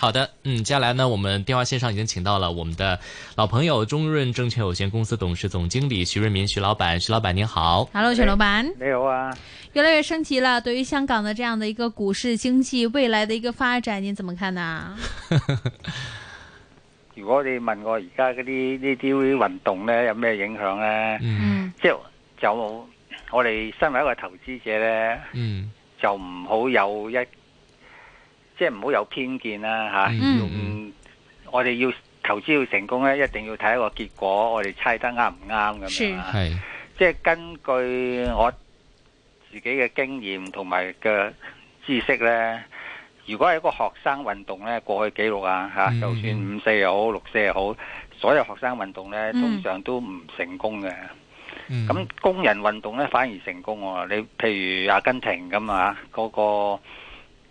好的，嗯，接下來呢，我們電話線上已經請到了我們的老朋友中潤證券有限公司董事總經理徐潤民徐老闆，徐老闆您好。Hello，徐老闆。你好啊。越來越升級啦，對於香港的這樣的一個股市經濟未來的一個發展，您怎麼看呢、啊？ 如果你問我而家嗰啲呢啲運動咧有咩影響咧？嗯，即係、嗯、就，就我哋身為一個投資者咧，嗯，就唔好有一。即係唔好有偏見啦嚇，嗯我哋要投資要成功咧，一定要睇一個結果，我哋猜得啱唔啱咁樣？係即係根據我自己嘅經驗同埋嘅知識咧，如果係一個學生運動咧，過去記錄啊嚇，啊嗯、就算五四又好，六四又好，所有學生運動咧，嗯、通常都唔成功嘅。咁、嗯、工人運動咧反而成功喎、啊，你譬如阿根廷咁啊，嗰、啊、個,個。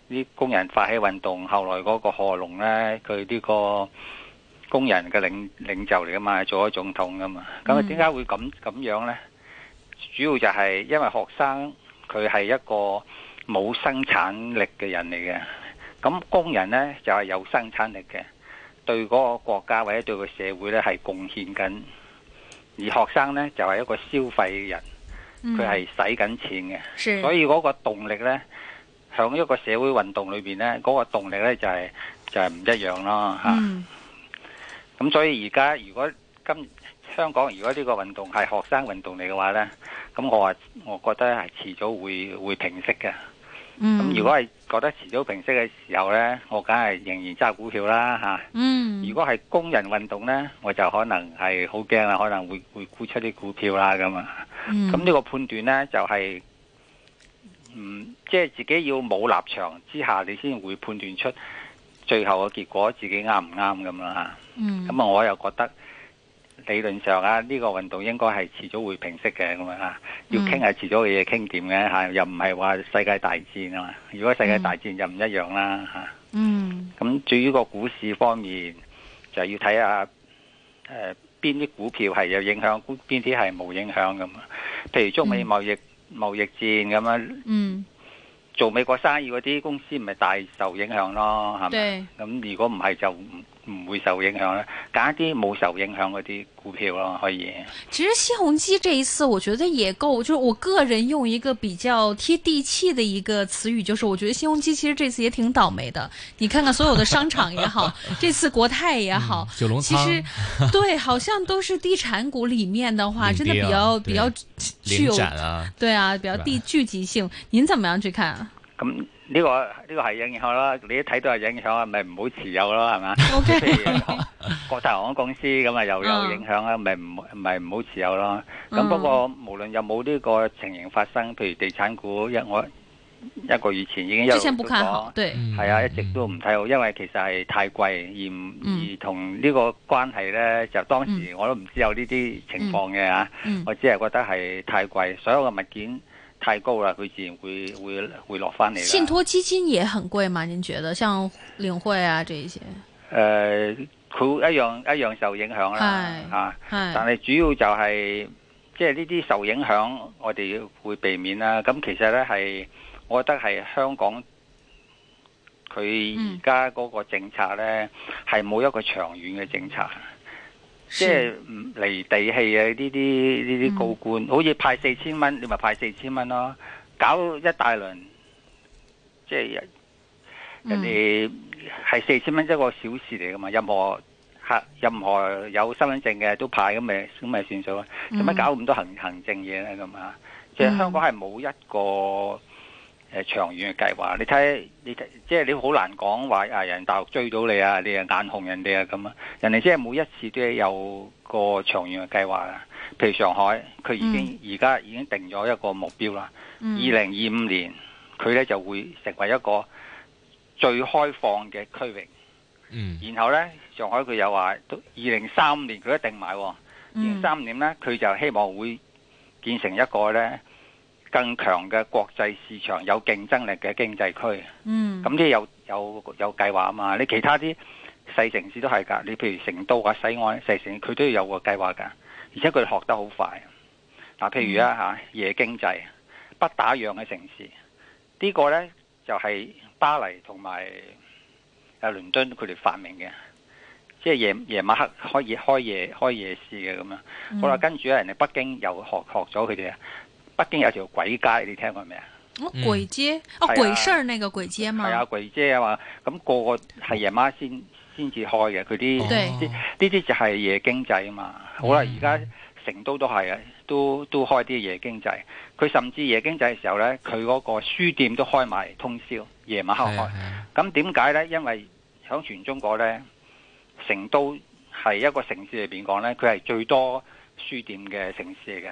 啲工人發起運動，後來嗰個賀龍呢，佢呢個工人嘅領領袖嚟噶嘛，做咗總統噶嘛。咁啊，點解會咁咁樣呢？主要就係因為學生佢係一個冇生產力嘅人嚟嘅，咁工人呢，就係、是、有生產力嘅，對嗰個國家或者對個社會呢係貢獻緊。而學生呢，就係、是、一個消費嘅人，佢係使緊錢嘅，是所以嗰個動力呢。響一個社會運動裏邊咧，嗰、那個動力咧就係、是、就係、是、唔一樣咯吓。咁、mm. 所以而家如果今香港如果呢個運動係學生運動嚟嘅話咧，咁我我覺得係遲早會會平息嘅。咁、mm. 如果係覺得遲早平息嘅時候咧，我梗係仍然揸股票啦吓。Mm. 如果係工人運動咧，我就可能係好驚啦，可能會會沽出啲股票啦咁啊。咁呢個判斷咧就係、是。嗯，即係自己要冇立場之下，你先會判斷出最後嘅結果自己啱唔啱咁啦吓。嗯，咁啊我又覺得理論上啊呢個運動應該係遲早會平息嘅咁啊。要傾係遲早嘅嘢，傾點嘅吓，又唔係話世界大戰啊嘛。如果世界大戰就唔一樣啦吓。嗯，咁至於個股市方面，就要睇下誒邊啲股票係有影響，邊啲係冇影響咁，譬如中美貿易。嗯。貿易戰咁樣，嗯，做美國生意嗰啲公司唔係大受影響咯，係咪？咁對。如果唔係，就唔。唔會受影響咧，揀一啲冇受影響嗰啲股票咯，可以。其實新鴻基這一次，我覺得也夠，就是我個人用一個比較貼地氣的一個詞語，就是我覺得新鴻基其實這次也挺倒霉的。你看看所有的商場也好， 這次國泰也好，嗯、龍其實對，好像都是地產股裡面的話， 真的比較 比較具有領展啊，對啊，比較地聚集性。您怎麼樣去看、啊？嗯呢、這個呢、這個係影響啦，你一睇到係影響，咪唔好持有咯，係嘛？Okay. 國泰航空公司咁啊，又有影響啦，咪唔咪唔好持有咯？咁不過無論有冇呢個情形發生，譬如地產股一我一個月前已經有講，對，係啊，一直都唔睇好，因為其實係太貴，而唔、嗯、而同呢個關係咧，就當時我都唔知有呢啲情況嘅嚇、啊，嗯嗯嗯、我只係覺得係太貴，所有嘅物件。太高啦，佢自然會會，會落返嚟啦。信託基金也很貴嘛？您覺得，像領匯啊，這些？誒、呃，佢一樣一樣受影響啦。係。但係主要就係即係呢啲受影響，我哋會避免啦。咁其實呢，係，我覺得係香港佢而家嗰個政策呢，係冇、嗯、一個長遠嘅政策。即係唔離地氣啊！呢啲呢啲高官，嗯、好似派四千蚊，你咪派四千蚊咯，搞一大輪，即係人哋係四千蚊一個小事嚟噶嘛？任何客，任何有身份證嘅都派咁咪，咁咪算數啊！做乜、嗯、搞咁多行行政嘢咧咁啊？即係香港係冇一個。嗯嗯誒、呃，長遠嘅計劃，你睇，你睇，即係你好難講話啊！人大陸追到你啊，你啊眼紅人哋啊咁啊！人哋即係每一次都係有個長遠嘅計劃啦。譬如上海，佢已經而家、嗯、已經定咗一個目標啦。二零二五年，佢咧就會成為一個最開放嘅區域。嗯。然後呢，上海佢又話，二零三五年佢一定買、哦。嗯。二零三五年呢，佢、嗯、就希望會建成一個呢。更強嘅國際市場有競爭力嘅經濟區，咁啲、嗯、有有有計劃啊嘛！你其他啲細城市都係㗎，你譬如成都啊、西安、細城市佢都要有個計劃㗎。而且佢學得好快。嗱，譬如、嗯、啊嚇夜經濟，不打烊嘅城市，呢、這個呢就係、是、巴黎同埋啊倫敦佢哋發明嘅，即係夜夜晚黑開夜開夜開夜市嘅咁樣。嗯、好啦，跟住呢人哋北京又學學咗佢哋。北京有條鬼街，你聽過未、嗯、啊？鬼街哦，鬼市那個鬼街嘛？係啊，鬼街啊嘛。咁、嗯、個個係夜晚先先至開嘅，佢啲呢啲就係夜經濟啊嘛。好啦，而家成都都係啊，都都開啲夜經濟。佢甚至夜經濟嘅時候呢，佢嗰個書店都開埋通宵，夜晚黑開。咁點解呢？因為響全中國呢，成都係一個城市裏邊講呢，佢係最多書店嘅城市嚟嘅。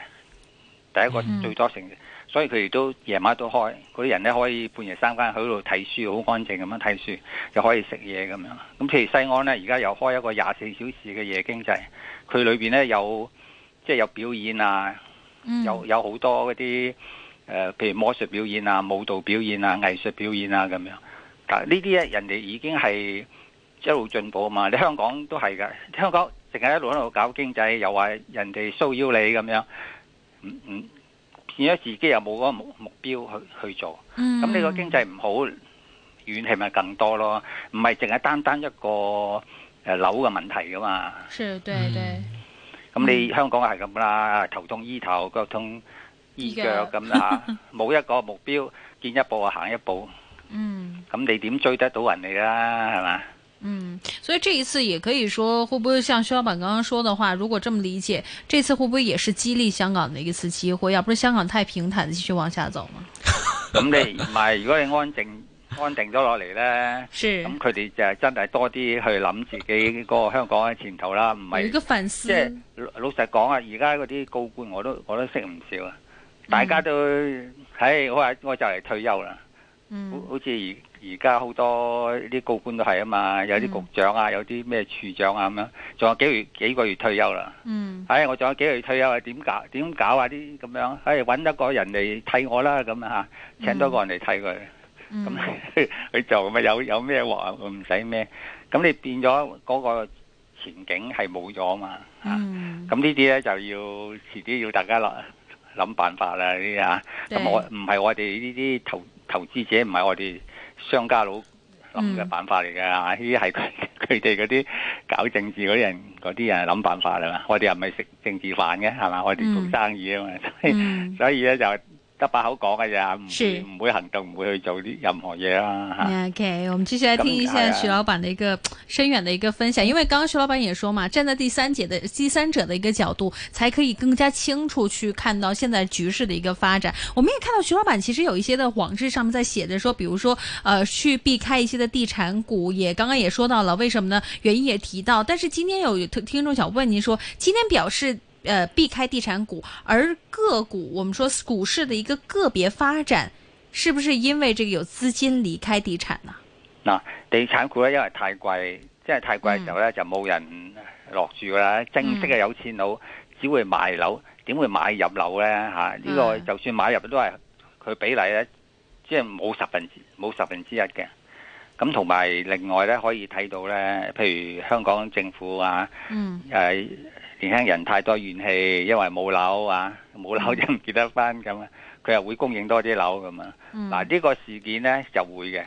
係、mm hmm. 一個最多城市，所以佢哋都夜晚都開，嗰啲人咧可以半夜三更喺度睇書，好安靜咁樣睇書，又可以食嘢咁樣。咁譬如西安咧，而家又開一個廿四小時嘅夜經濟，佢裏邊咧有即係、就是、有表演啊，有有好多嗰啲誒，譬如魔術表演啊、舞蹈表演啊、藝術表演啊咁樣。但係呢啲咧，人哋已經係一路進步啊嘛。你香港都係噶，香港淨係一路喺度搞經濟，又話人哋騷擾你咁樣。唔，嗯、變咗自己又冇嗰個目標去去做，咁你個經濟唔好，怨氣咪更多咯，唔係淨係單單一個誒樓嘅問題噶嘛。對對。咁、嗯、你香港係咁啦，頭痛醫頭，腳痛醫腳咁啦，冇醫腳 一個目標，見一步啊行一步，咁、嗯、你點追得到人哋啦？係咪？嗯，所以這一次也可以說，會不會像薛老闆剛剛說的話，如果這麼理解，這次會不會也是激勵香港的一次機會？要不是香港太平坦，繼續往下走嗎？咁、 嗯、你唔係，如果你安靜安定咗落嚟呢，咁佢哋就係真係多啲去諗自己嗰個香港嘅前途啦，唔係，個反思即係老老實講啊，而家嗰啲高官我都我都識唔少啊，大家都，喺、嗯哎、我話我就嚟退休啦。嗯、好似而而家好多啲高官都係啊嘛，有啲局長啊，有啲咩處長啊咁樣，仲有幾個月幾個月退休啦。嗯，唉、哎，我仲有幾個月退休，點搞？點搞啊？啲咁樣，唉、哎，搵得個人嚟替我啦，咁啊，請多個人嚟替佢。咁佢做咪有有咩話？佢唔使咩？咁你變咗嗰個前景係冇咗啊嘛。咁呢啲咧就要遲啲要大家諗諗辦法啦。呢啲啊，咁、嗯、對 我唔係我哋呢啲投。投資者唔係我哋商家佬諗嘅辦法嚟㗎，呢啲係佢佢哋嗰啲搞政治嗰啲人嗰啲人諗辦法啦。我哋又唔係食政治飯嘅係嘛？我哋做生意啊嘛，所以所以咧就。得把口講嘅啫，唔唔係唔會行動，唔會去做啲任何嘢啦，啊。Yeah, OK，我們繼續來聽一下徐老闆的一個深遠的一個分享。嗯、因為剛剛徐老闆也說嘛，站在第三者的第三者的一個角度，才可以更加清楚去看到現在局勢的一個發展。我們也看到徐老闆其實有一些的網誌上面在寫着，說，比如說，呃，去避開一些的地產股也，也剛剛也說到了，為什麼呢？原因也提到。但是今天有聽眾想問您，說，今天表示。誒、呃，避開地產股，而個股，我們說股市的一個個別發展，是不是因為這個有資金離開地產呢、啊？嗱，地產股咧，因為太貴，即係太貴嘅時候咧，就冇人落住噶啦。嗯、正式嘅有錢佬只會買樓，點會買入樓呢？吓、啊？呢、這個就算買入都係佢比例咧，即係冇十分之冇十分之一嘅。咁同埋另外咧，可以睇到咧，譬如香港政府啊，誒、嗯。年輕人太多怨氣，因為冇樓啊，冇樓就唔結得婚咁啊，佢又會供應多啲樓咁啊。嗱呢個事件呢就會嘅，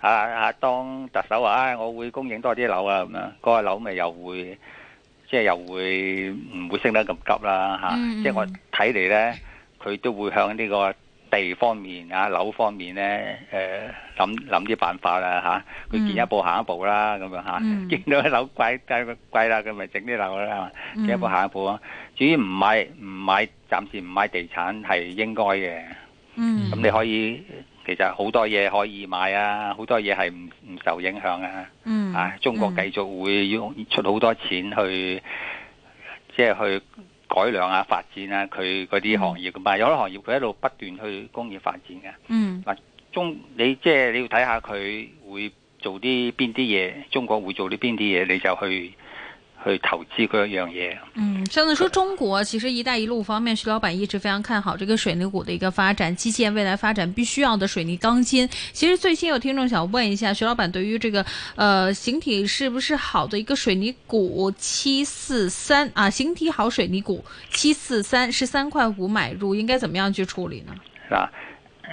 嚇嚇當特首話，唉，我會供應多啲樓啊，咁樣嗰個樓咪又會，即係又會唔會升得咁急啦嚇？即係我睇嚟呢，佢都會向呢個地方面啊，樓方面咧，誒諗諗啲辦法啦吓，佢、啊、見，一步行一步啦，咁樣吓，嗯、見到啲樓貴太貴啦，咁咪整啲樓啦，見、嗯、一步行一步啊，至於唔買唔買，暫時唔買地產係應該嘅。咁、嗯、你可以，其實好多嘢可以買啊，好多嘢係唔唔受影響啊。嗯、啊，中國繼續會用出好多錢去，即、就、係、是、去。改良啊，發展啊，佢嗰啲行業咁啊、嗯，有啲行業佢喺度不斷去工業發展嘅。嗯，嗱，中你即係你要睇下佢會做啲邊啲嘢，中國會做啲邊啲嘢，你就去。去投資嗰一樣嘢。嗯，上次說中國，其實一帶一路方面，徐老闆一直非常看好這個水泥股的一個發展。基建未來發展必須要的水泥鋼筋，其實最新有聽眾想問一下，徐老闆對於這個，呃，形體是不是好的一個水泥股七四三啊？形體好水泥股七四三，十三塊五買入，應該怎麼樣去處理呢？嗱、啊，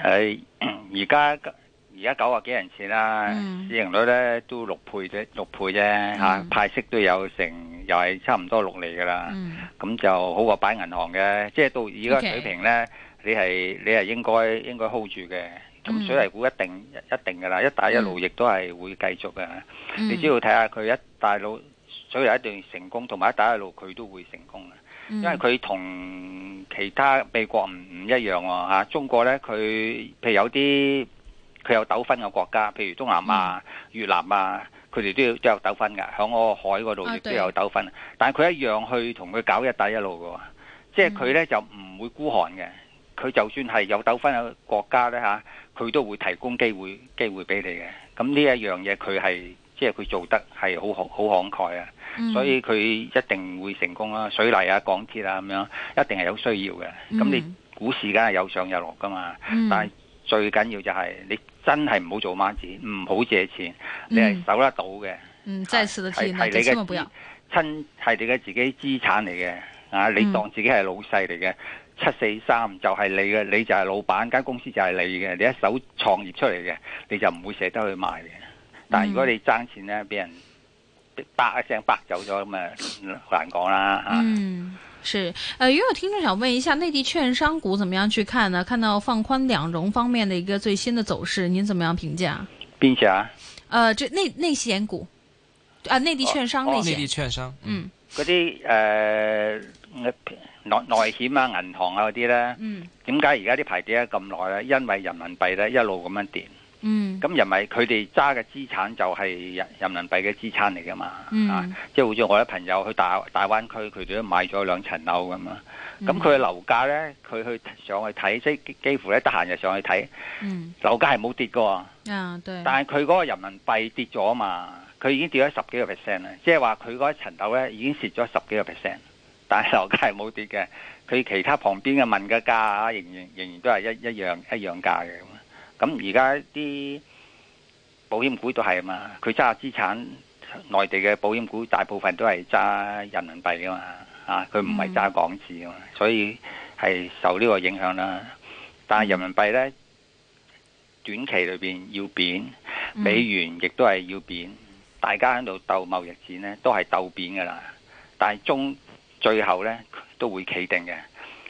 誒、呃，而家。而家九啊幾人次啦，市盈率咧，都六倍啫，六倍啫嚇，派息都有成，又係差唔多六釐噶啦。咁就好過擺銀行嘅，即係到而家水平咧，你係你係應該應該 hold 住嘅。咁水泥股一定一定噶啦，一帶一路亦都係會繼續嘅。你只要睇下佢一帶路，水泥一段成功，同埋一帶一路佢都會成功嘅，因為佢同其他美國唔一樣喎嚇。中國咧佢譬如有啲佢有糾紛嘅國家，譬如東南亞、越南啊，佢哋都要都有糾紛嘅，響我海嗰度亦都有糾紛。啊、但係佢一樣去同佢搞一帶一路嘅，即係佢呢、嗯、就唔會孤寒嘅。佢就算係有糾紛嘅國家呢，嚇，佢都會提供機會機會俾你嘅。咁呢一樣嘢佢係即係佢做得係好好慷慨啊，嗯、所以佢一定會成功啦。水泥啊、港鐵啊咁樣，一定係有需要嘅。咁、嗯嗯、你股市梗係有上有落㗎嘛，但係最緊要就係你。你真係唔好做孖展，唔好借錢，你係守得到嘅。嗯，真係捨你嘅錢，親係你嘅自己資產嚟嘅。啊、嗯，你當自己係老細嚟嘅，七四三就係你嘅，你就係老闆，間公司就係你嘅，你一手創業出嚟嘅，你就唔會捨得去賣嘅。但係如果你爭錢咧，俾人啪，啪一聲啪走咗咁啊，好難講啦嚇。是，誒、呃，又有聽眾想問一下，內地券商股怎麼樣去看呢？看到放寬兩融方面的一個最新的走勢，您怎麼樣評價、啊？邊隻啊、呃？就內內險股，啊，內地券商、哦、內地券商。嗯。嗰啲誒內內險啊，銀行啊啲咧。嗯。點解而家啲牌子咧咁耐咧？因為人民幣咧一路咁樣跌。嗯，咁又咪佢哋揸嘅資產就係人人民幣嘅資產嚟噶嘛？嗯、啊，即、就、係、是、好似我啲朋友去大大灣區，佢哋都買咗兩層樓咁啊。咁佢、嗯、樓價咧，佢去上去睇，即係幾乎咧得閒就上去睇。嗯、樓價係冇跌嘅。啊，對。但係佢嗰個人民幣跌咗啊嘛，佢已經跌咗十幾個 percent 啦。即係話佢嗰一層樓咧已經蝕咗十幾個 percent，但係樓價係冇跌嘅。佢其他旁邊嘅問嘅價仍然仍然都係一一樣一樣價嘅。咁而家啲保險股都係啊嘛，佢揸資產，內地嘅保險股大部分都係揸人民幣噶嘛，啊佢唔係揸港紙噶嘛，所以係受呢個影響啦。但係人民幣呢，短期裏邊要貶，美元亦都係要貶，嗯、大家喺度鬥貿易戰呢都係鬥貶噶啦。但係中最後呢，都會企定嘅，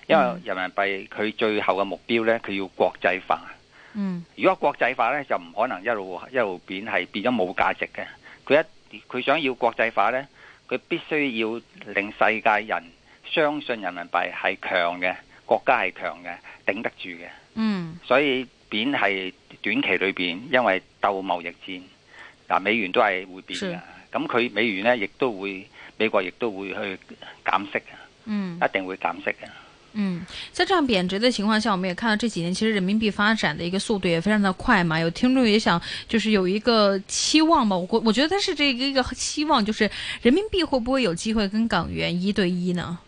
因為人民幣佢最後嘅目標呢，佢要國際化。嗯，如果國際化咧就唔可能一路一路貶，係變咗冇價值嘅。佢一佢想要國際化咧，佢必須要令世界人相信人民幣係強嘅，國家係強嘅，頂得住嘅。嗯，所以貶係短期裏邊，因為鬥貿易戰，嗱、啊、美元都係會貶嘅。咁佢是美元咧亦都會，美國亦都會去減息。嗯，一定會減息嘅。嗯，在這樣貶值的情況下，我們也看到這幾年其實人民幣發展的一個速度也非常的快嘛。有聽眾也想，就是有一個期望嘛。我我覺得是這個一個期望，就是人民幣會不會有機會跟港元一對一呢？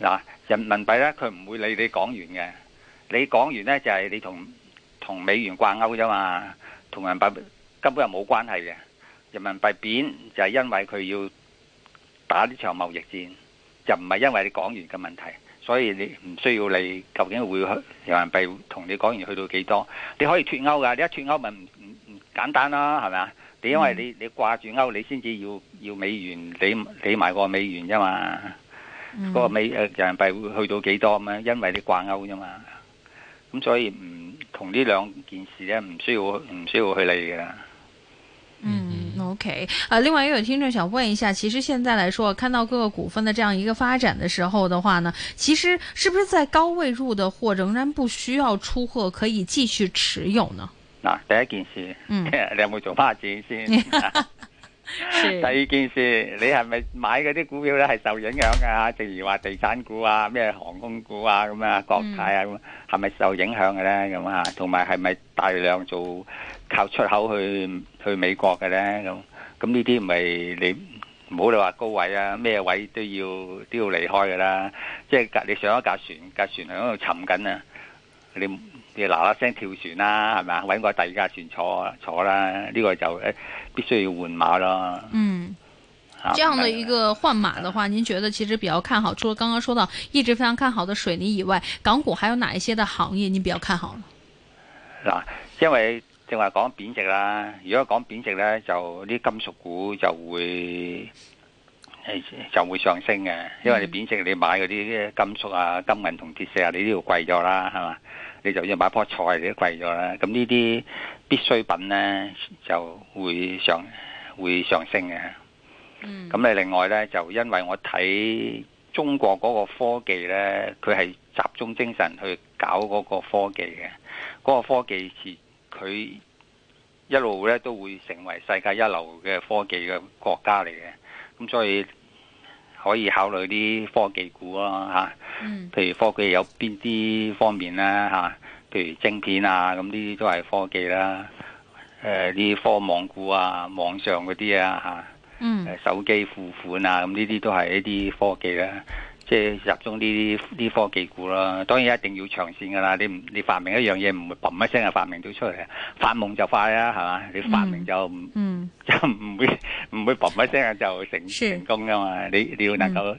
嗱，人民幣呢，佢唔會理你港元嘅，你港元呢，就係你同同美元掛鈎啫嘛，同人民幣根本就冇關係嘅。人民幣貶就係因為佢要打呢場貿易戰，就唔係因為你港元嘅問題。所以你唔需要你究竟會去人民幣同你講完去到幾多。你可以脱歐㗎，你一脱歐咪唔唔唔簡單啦，係咪啊？嗯、因為你你掛住歐，你先至要要美元理理埋個美元啫嘛。嗰、嗯、個美誒人民幣會去到幾多咁樣，因為你掛歐啫嘛。咁所以唔同呢兩件事咧，唔需要唔需要去理㗎喇。OK，啊、呃，另外又有，有聽眾想問一下，其實現在來說，看到各個股份的這樣一個發展的時候的話呢，其實是不是在高位入的貨仍然不需要出貨，可以繼續持有呢？嗱、啊，第一件事，嗯，你有冇做孖展先？ 啊是第二件事，你係咪買嗰啲股票咧係受影響嘅啊？正如話地產股啊、咩航空股啊咁啊、國泰啊，咁係咪受影響嘅咧？咁啊，同埋係咪大量做靠出口去去美國嘅咧？咁咁呢啲唔係你唔好你話高位啊，咩位都要都要離開噶啦。即係隔你上一架船，架船喺度沉緊啊，你。你嗱嗱聲跳船啦、啊，係嘛？搵個第二架船坐坐啦，呢、這個就誒必須要換馬咯。嗯，這樣嘅一個換馬嘅話，啊、您覺得其實比較看好？除咗剛剛說到一直非常看好的水泥以外，港股還有哪一些嘅行業你比較看好呢？嗱，因為正話講貶值啦，如果講貶值呢，就啲金屬股就會就會上升嘅，因為你貶值，你買嗰啲金屬啊、金銀同鐵石啊，你都要貴咗啦，係嘛？你就要買棵菜，你都貴咗啦。咁呢啲必需品呢，就會上會上升嘅。咁你、嗯、另外呢，就因為我睇中國嗰個科技呢，佢係集中精神去搞嗰個科技嘅，嗰、嗰個科技係佢一路呢，都會成為世界一流嘅科技嘅國家嚟嘅。咁所以。可以考慮啲科技股咯、啊、嚇，譬、啊、如科技有邊啲方面啦、啊？吓、啊，譬如晶片啊，咁呢啲都係科技啦、啊，誒、啊、啲科網股啊，網上嗰啲啊吓，誒、啊啊、手機付款啊，咁呢啲都係一啲科技啦、啊。即係集中呢啲科技股啦，當然一定要長線㗎啦。你唔你發明一樣嘢唔會砰一聲就發明到出嚟，發夢就快啦，係嘛？你發明就唔、嗯、就唔會唔會砰一聲就成是成功㗎嘛？你你要能夠。嗯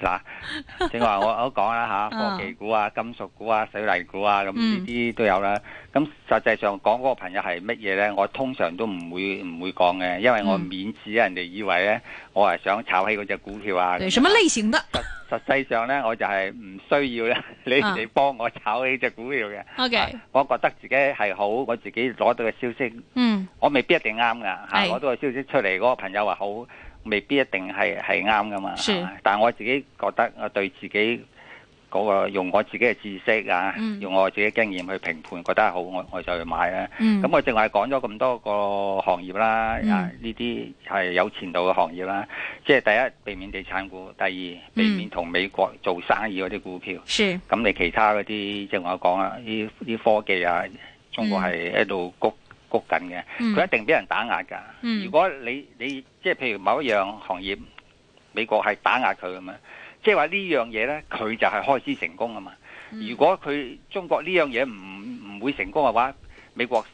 嗱、 啊，正話我我講啦吓，科技股啊、金屬股啊、水泥股啊，咁呢啲都有啦。咁實際上講嗰個朋友係乜嘢咧？我通常都唔會唔會講嘅，因為我免治人哋以為咧，我係想炒起嗰隻股票啊。對什麼類型的？實實際上咧，我就係唔需要咧，你哋幫我炒起隻股票嘅。OK、嗯啊、我覺得自己係好，我自己攞到嘅消息，嗯，我未必一定啱噶吓，啊、是我攞到嘅消息出嚟嗰、那個朋友話好。未必一定係係啱㗎嘛，是但係我自己覺得我對自己嗰、那個用我自己嘅知識啊，用我自己，、啊嗯、我自己經驗去評判，覺得好我我就去買啦。咁、嗯、我淨係講咗咁多個行業啦，呢啲係有前途嘅行業啦。即係第一避免地產股，第二避免同美國做生意嗰啲股票。咁、嗯、你其他嗰啲，即係我講啦，啲啲科技啊，中國係喺度谷。嗯附近嘅，佢、嗯、一定俾人打壓噶。如果你你即係譬如某一樣行業，美國係打壓佢噶嘛，即係話呢樣嘢呢，佢就係開始成功啊嘛。如果佢中國呢樣嘢唔唔會成功嘅話，美國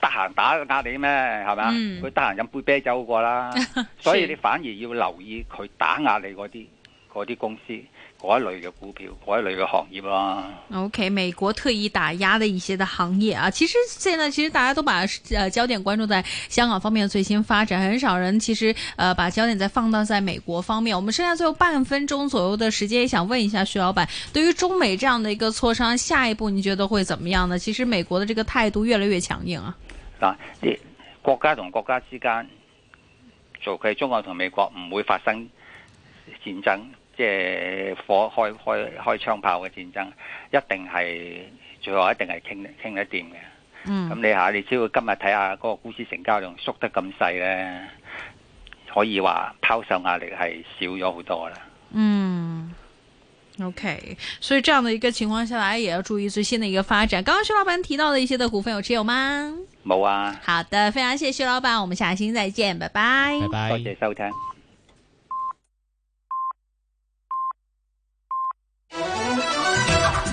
得閒打壓你咩？係咪，佢得閒飲杯啤酒過啦。 所以你反而要留意佢打壓你嗰啲嗰啲公司。嗰一類嘅股票，嗰一類嘅行業啦、啊。O、okay, K，美國特意打壓的一些嘅行業啊，其實現在其實大家都把焦點關注在香港方面的最新發展，很少人其實誒把焦點再放到在美國方面。我們剩下最後半分鐘左右的時間，也想問一下徐老闆，對於中美這樣的一個磋商，下一步你覺得會怎麼樣呢？其實美國的這個態度越來越強硬啊。嗱，國家同國家之間，尤其中國同美國唔會發生戰爭。即係火開開開槍炮嘅戰爭，一定係最後一定係傾傾得掂嘅。咁你下，你只要今日睇下嗰個股市成交量縮得咁細咧，可以話拋售壓力係少咗好多啦。嗯，OK，所以這樣的一個情況下來，也要注意最新的一個發展。剛剛徐老闆提到的一些的股份，有持有嗎？冇啊。好的，非常謝徐老闆，我們下期再見，拜拜。拜拜，多謝收聽。